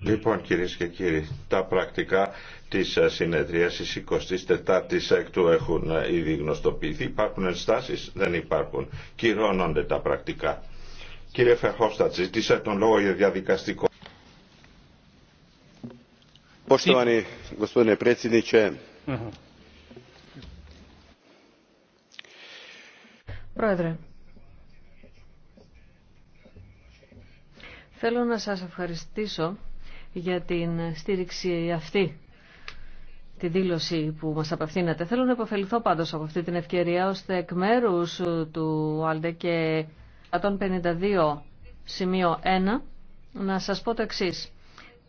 Λοιπόν κυρίε και κύριοι, τα πρακτικά της τη 24 24η έκτου έχουν ε, ήδη γνωστοποιηθεί. Υπάρχουν ενστάσεις, δεν υπάρχουν. Κυρώνονται τα πρακτικά. Κύριε Φερχόφστατ, ζητήσα τον λόγο για διαδικαστικό. Πρόεδρε, Θέλω να σας ευχαριστήσω για την στήριξη αυτή, τη δήλωση που μας απευθύνατε. Θέλω να υποφεληθώ πάντως από αυτή την ευκαιρία, ώστε εκ μέρου του Άλτε και 152 σημείο 1 να σας πω το εξή.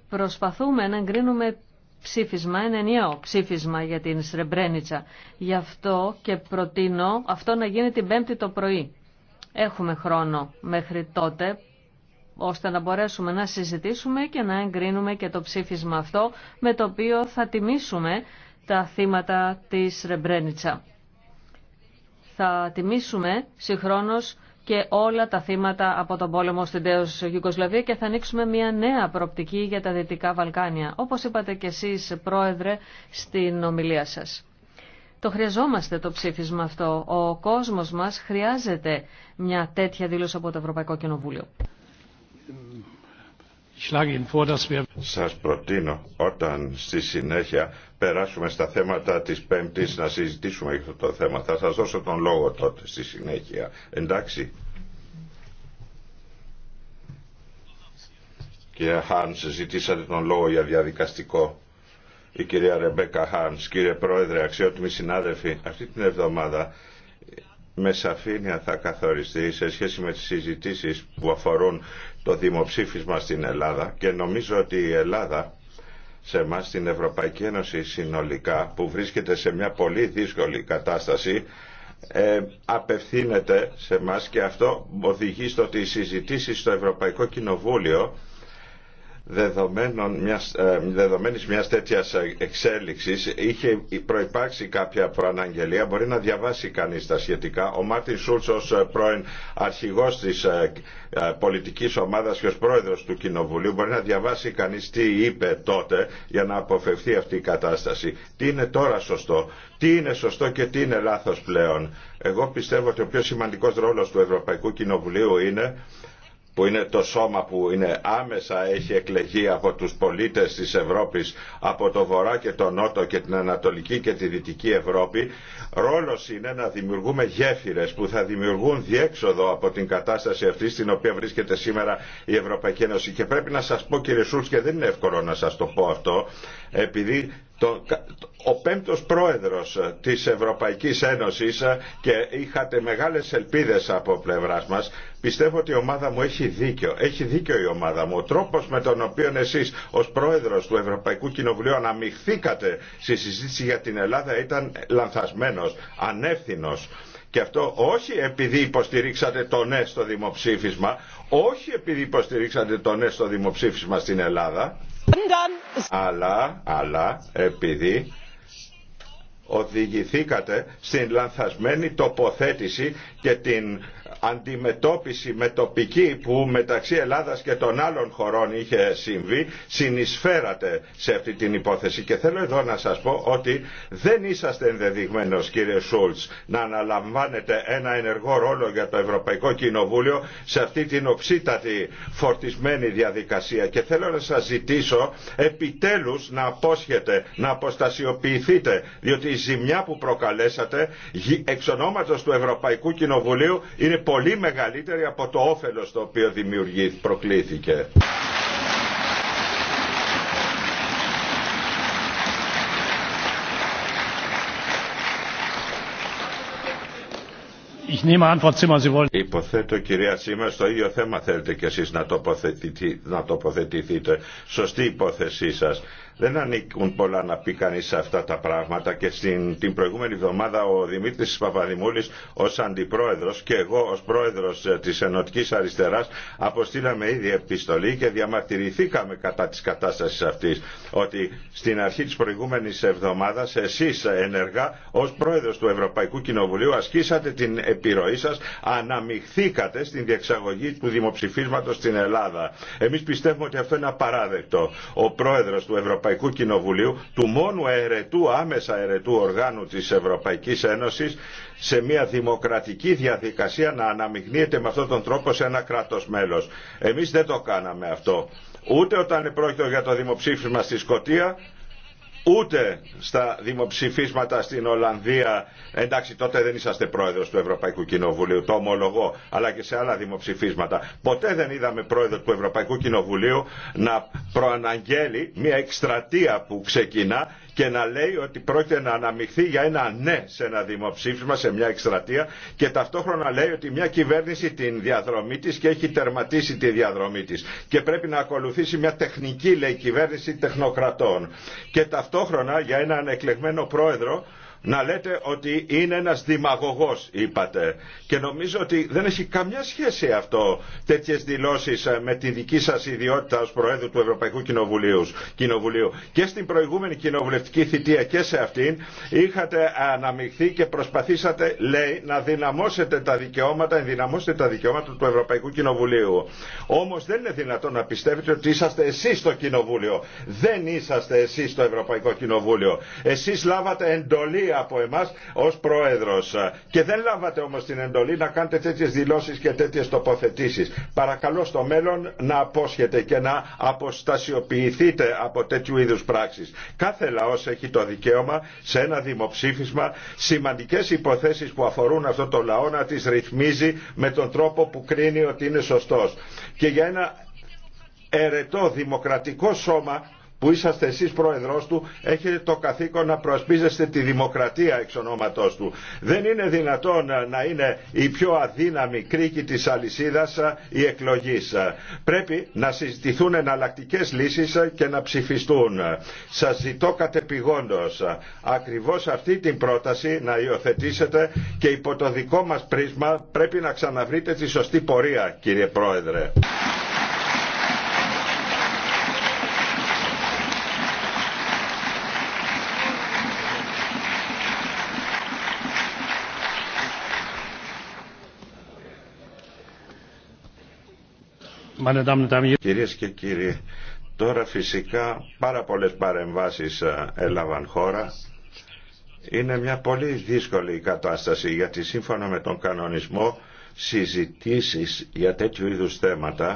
Προσπαθούμε να εγκρίνουμε ψήφισμα, ένα ενιαίο ψήφισμα για την Σρεμπρένιτσα. Γι' αυτό και προτείνω αυτό να γίνει την Πέμπτη το πρωί. Έχουμε χρόνο μέχρι τότε ώστε να μπορέσουμε να συζητήσουμε και να εγκρίνουμε και το ψήφισμα αυτό με το οποίο θα τιμήσουμε τα θύματα της Ρεμπρένιτσα. Θα τιμήσουμε συγχρόνως και όλα τα θύματα από τον πόλεμο στην τέος Γιουγκοσλαβία και θα ανοίξουμε μια νέα προοπτική για τα Δυτικά Βαλκάνια, όπως είπατε και εσείς, Πρόεδρε, στην ομιλία σας. Το χρειαζόμαστε το ψήφισμα αυτό. Ο κόσμος μας χρειάζεται μια τέτοια δήλωση από το Ευρωπαϊκό Κοινοβούλιο. Σας προτείνω όταν στη συνέχεια περάσουμε στα θέματα της Πέμπτης να συζητήσουμε αυτό το θέμα. Θα σας δώσω τον λόγο τότε στη συνέχεια. Εντάξει. Κύριε Χάνς, ζητήσατε τον λόγο για διαδικαστικό. Η κυρία Ρεμπέκα Χάνς, κύριε Πρόεδρε, αξιότιμοι συνάδελφοι, αυτή την εβδομάδα με σαφήνεια θα καθοριστεί σε σχέση με τις συζητήσεις που αφορούν το δημοψήφισμα στην Ελλάδα και νομίζω ότι η Ελλάδα σε εμά στην Ευρωπαϊκή Ένωση συνολικά που βρίσκεται σε μια πολύ δύσκολη κατάσταση ε, απευθύνεται σε εμά και αυτό οδηγεί στο ότι οι συζητήσεις στο Ευρωπαϊκό Κοινοβούλιο δεδομένων μιας, ε, δεδομένης μιας τέτοιας εξέλιξης είχε προϋπάρξει κάποια προαναγγελία μπορεί να διαβάσει κανείς τα σχετικά ο Μάρτιν Σούλτς ως ε, πρώην αρχηγός της ε, πολιτικής ομάδας και ως πρόεδρος του Κοινοβουλίου μπορεί να διαβάσει κανείς τι είπε τότε για να αποφευθεί αυτή η κατάσταση τι είναι τώρα σωστό τι είναι σωστό και τι είναι λάθος πλέον εγώ πιστεύω ότι ο πιο σημαντικός ρόλος του Ευρωπαϊκού Κοινοβουλίου είναι που είναι το σώμα που είναι άμεσα έχει εκλεγεί από τους πολίτες της Ευρώπης από το Βορρά και το Νότο και την Ανατολική και τη Δυτική Ευρώπη ρόλος είναι να δημιουργούμε γέφυρες που θα δημιουργούν διέξοδο από την κατάσταση αυτή στην οποία βρίσκεται σήμερα η Ευρωπαϊκή Ένωση και πρέπει να σας πω κύριε Σούλς και δεν είναι εύκολο να σας το πω αυτό επειδή το, ο πέμπτος πρόεδρος της Ευρωπαϊκής Ένωσης ε, και είχατε μεγάλες ελπίδες από πλευράς μας Πιστεύω ότι η ομάδα μου έχει δίκιο. Έχει δίκιο η ομάδα μου. Ο τρόπος με τον οποίο εσείς ως πρόεδρος του Ευρωπαϊκού Κοινοβουλίου αναμειχθήκατε στη συζήτηση για την Ελλάδα ήταν λανθασμένος, ανεύθυνος. Και αυτό όχι επειδή υποστηρίξατε το ναι στο δημοψήφισμα, όχι επειδή υποστηρίξατε το ναι στο δημοψήφισμα στην Ελλάδα, αλλά, αλλά, επειδή οδηγηθήκατε στην λανθασμένη τοποθέτηση και την αντιμετώπιση με τοπική που μεταξύ Ελλάδας και των άλλων χωρών είχε συμβεί συνεισφέρατε σε αυτή την υπόθεση και θέλω εδώ να σας πω ότι δεν είσαστε ενδεδειγμένος κύριε Σούλτς να αναλαμβάνετε ένα ενεργό ρόλο για το Ευρωπαϊκό Κοινοβούλιο σε αυτή την οξύτατη φορτισμένη διαδικασία και θέλω να σας ζητήσω επιτέλους να απόσχετε, να αποστασιοποιηθείτε διότι η ζημιά που προκαλέσατε εξ ονόματος του Ευρωπαϊκού Κοινοβουλίου πολύ μεγαλύτερη από το όφελος το οποίο δημιουργήθηκε, προκλήθηκε. Υποθέτω κυρία Σίμα στο ίδιο θέμα θέλετε κι εσείς να τοποθετηθείτε. Να τοποθετηθείτε. Σωστή υπόθεσή σας. Δεν ανήκουν πολλά να πει κανεί σε αυτά τα πράγματα και στην, την προηγούμενη εβδομάδα ο Δημήτρη Παπαδημούλη ω αντιπρόεδρο και εγώ ω πρόεδρο ε, τη Ενωτική Αριστερά αποστήλαμε ήδη επιστολή και διαμαρτυρηθήκαμε κατά τη κατάσταση αυτή. Ότι στην αρχή τη προηγούμενη εβδομάδα εσεί ενεργά ω πρόεδρο του Ευρωπαϊκού Κοινοβουλίου ασκήσατε την επιρροή σα, αναμειχθήκατε στην διεξαγωγή του δημοψηφίσματο στην Ελλάδα. Εμεί πιστεύουμε ότι αυτό είναι απαράδεκτο. Ο πρόεδρο του Ευρωπαϊκού Ευρωπαϊκού Κοινοβουλίου, του μόνου αιρετού, άμεσα αιρετού οργάνου της Ευρωπαϊκής Ένωσης, σε μια δημοκρατική διαδικασία να αναμειγνύεται με αυτόν τον τρόπο σε ένα κράτος μέλος. Εμείς δεν το κάναμε αυτό. Ούτε όταν πρόκειται για το δημοψήφισμα στη Σκωτία, ούτε στα δημοψηφίσματα στην Ολλανδία, εντάξει τότε δεν είσαστε πρόεδρος του Ευρωπαϊκού Κοινοβουλίου, το ομολογώ, αλλά και σε άλλα δημοψηφίσματα. Ποτέ δεν είδαμε πρόεδρο του Ευρωπαϊκού Κοινοβουλίου να προαναγγέλει μια εκστρατεία που ξεκινά και να λέει ότι πρόκειται να αναμειχθεί για ένα ναι σε ένα δημοψήφισμα, σε μια εκστρατεία και ταυτόχρονα λέει ότι μια κυβέρνηση την διαδρομή της και έχει τερματίσει τη διαδρομή της και πρέπει να ακολουθήσει μια τεχνική λέει κυβέρνηση τεχνοκρατών. Και ταυτόχρονα ταυτόχρονα για έναν εκλεγμένο πρόεδρο να λέτε ότι είναι ένας δημαγωγός είπατε και νομίζω ότι δεν έχει καμιά σχέση αυτό τέτοιες δηλώσεις ε, με τη δική σας ιδιότητα ως Προέδρου του Ευρωπαϊκού Κοινοβουλίου και στην προηγούμενη κοινοβουλευτική θητεία και σε αυτήν είχατε αναμειχθεί και προσπαθήσατε λέει να δυναμώσετε τα δικαιώματα ενδυναμώσετε τα δικαιώματα του Ευρωπαϊκού Κοινοβουλίου όμως δεν είναι δυνατόν να πιστεύετε ότι είσαστε εσείς το Κοινοβούλιο δεν είσαστε εσείς το Ευρωπαϊκό Κοινοβούλιο εσείς λάβατε εντολή από εμάς ως πρόεδρος. Και δεν λάβατε όμως την εντολή να κάνετε τέτοιες δηλώσεις και τέτοιες τοποθετήσεις. Παρακαλώ στο μέλλον να απόσχετε και να αποστασιοποιηθείτε από τέτοιου είδους πράξεις. Κάθε λαός έχει το δικαίωμα σε ένα δημοψήφισμα σημαντικές υποθέσεις που αφορούν αυτό το λαό να τις ρυθμίζει με τον τρόπο που κρίνει ότι είναι σωστός. Και για ένα ερετό δημοκρατικό σώμα που είσαστε εσείς πρόεδρος του έχετε το καθήκον να προασπίζεστε τη δημοκρατία εξ ονόματός του. Δεν είναι δυνατόν ε, να είναι η πιο αδύναμη κρίκη της αλυσίδας ε, η εκλογής. Ε, πρέπει να συζητηθούν εναλλακτικέ λύσεις και να ψηφιστούν. Σας ζητώ κατεπηγόντως ακριβώς αυτή την πρόταση να υιοθετήσετε και υπό το δικό μας πρίσμα πρέπει να ξαναβρείτε τη σωστή πορεία κύριε Πρόεδρε. Κυρίες και κύριοι, τώρα φυσικά πάρα πολλές παρεμβάσεις ε, έλαβαν χώρα. Είναι μια πολύ δύσκολη κατάσταση γιατί σύμφωνα με τον κανονισμό συζητήσεις για τέτοιου είδους θέματα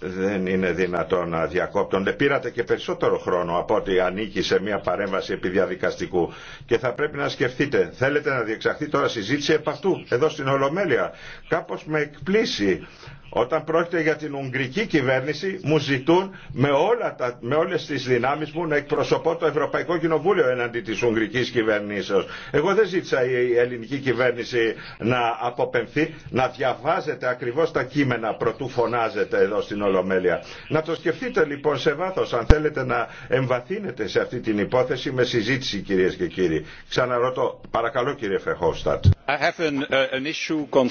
δεν είναι δυνατόν να διακόπτονται. Πήρατε και περισσότερο χρόνο από ότι ανήκει σε μια παρέμβαση επιδιαδικαστικού Και θα πρέπει να σκεφτείτε, θέλετε να διεξαχθεί τώρα συζήτηση επ' αυτού, εδώ στην Ολομέλεια. Κάπως με εκπλήσει όταν πρόκειται για την Ουγγρική κυβέρνηση μου ζητούν με, όλα τα, με όλες τις δυνάμεις μου να εκπροσωπώ το Ευρωπαϊκό Κοινοβούλιο εναντί της Ουγγρικής κυβερνήσεως. Εγώ δεν ζήτησα η ελληνική κυβέρνηση να αποπεμφθεί, να διαβάζετε ακριβώς τα κείμενα προτού φωνάζετε εδώ στην Ολομέλεια. Να το σκεφτείτε λοιπόν σε βάθος αν θέλετε να εμβαθύνετε σε αυτή την υπόθεση με συζήτηση κυρίες και κύριοι. Ξαναρωτώ, παρακαλώ κύριε Φεχόφστατ. Uh,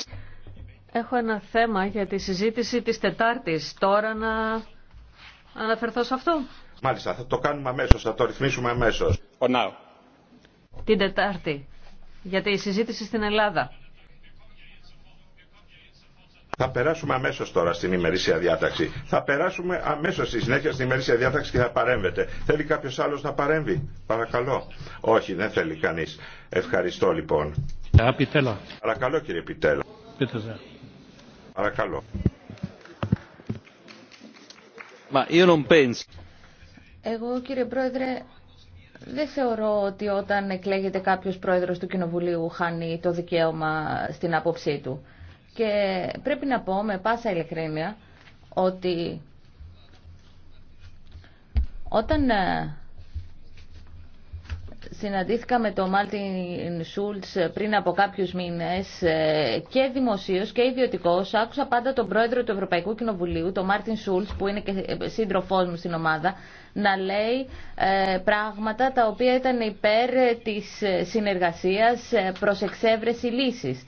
Έχω ένα θέμα για τη συζήτηση της Τετάρτης. Τώρα να αναφερθώ σε αυτό. Μάλιστα, θα το κάνουμε αμέσως, θα το ρυθμίσουμε αμέσως. Oh, Την Τετάρτη, για τη συζήτηση στην Ελλάδα. Θα περάσουμε αμέσω τώρα στην ημερήσια διάταξη. Θα περάσουμε αμέσω στη συνέχεια στην ημερήσια διάταξη και θα παρέμβετε. Θέλει κάποιο άλλο να παρέμβει, παρακαλώ. Όχι, δεν θέλει κανεί. Ευχαριστώ λοιπόν. Παρακαλώ κύριε Πιτέλα. Παρακαλώ. Εγώ κύριε Πρόεδρε δεν θεωρώ ότι όταν εκλέγεται κάποιος πρόεδρος του Κοινοβουλίου χάνει το δικαίωμα στην άποψή του. Και πρέπει να πω με πάσα ειλικρίνεια ότι όταν ε, συναντήθηκα με τον Μάρτιν Σούλτ πριν από κάποιους μήνες ε, και δημοσίως και ιδιωτικώς Άκουσα πάντα τον πρόεδρο του Ευρωπαϊκού Κοινοβουλίου, τον Μάρτιν Σούλτ, που είναι και σύντροφό μου στην ομάδα, να λέει ε, πράγματα τα οποία ήταν υπέρ τη συνεργασία προ εξέβρεση λύση,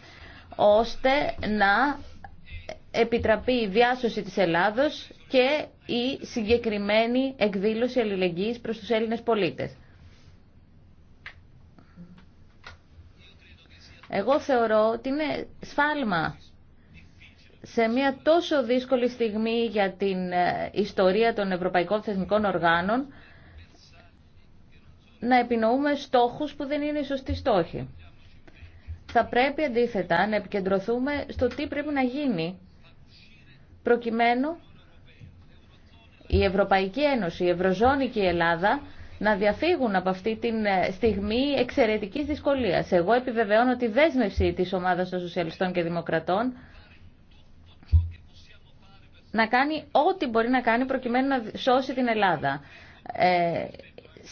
ώστε να επιτραπεί η διάσωση της Ελλάδος και η συγκεκριμένη εκδήλωση αλληλεγγύης προς τους Έλληνες πολίτες. Εγώ θεωρώ ότι είναι σφάλμα σε μια τόσο δύσκολη στιγμή για την ε, ιστορία των ευρωπαϊκών θεσμικών οργάνων να επινοούμε στόχους που δεν είναι οι σωστοί στόχοι. Θα πρέπει αντίθετα να επικεντρωθούμε στο τι πρέπει να γίνει προκειμένου η Ευρωπαϊκή Ένωση, η Ευρωζώνη και η Ελλάδα να διαφύγουν από αυτή τη ε, στιγμή εξαιρετική δυσκολίας. Εγώ επιβεβαιώνω τη δέσμευση τη ομάδα των Σοσιαλιστών και Δημοκρατών να κάνει ό,τι μπορεί να κάνει προκειμένου να σώσει την Ελλάδα. Ε,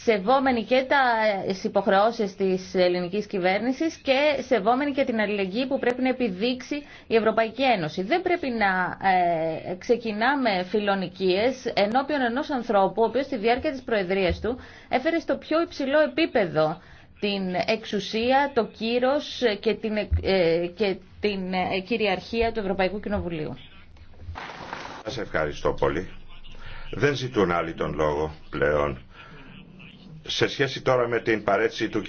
σεβόμενοι και τα ε, υποχρεώσεις της ελληνικής κυβέρνησης και σεβόμενοι και την αλληλεγγύη που πρέπει να επιδείξει η Ευρωπαϊκή Ένωση. Δεν πρέπει να ε, ξεκινάμε φιλονικίες ενώπιον ενός ανθρώπου, ο οποίος στη διάρκεια της προεδρίας του έφερε στο πιο υψηλό επίπεδο την εξουσία, το κύρος και την, ε, και την κυριαρχία του Ευρωπαϊκού Κοινοβουλίου. Σας ευχαριστώ πολύ. Δεν ζητούν άλλοι τον λόγο πλέον σε σχέση τώρα με την παρέτηση του κ.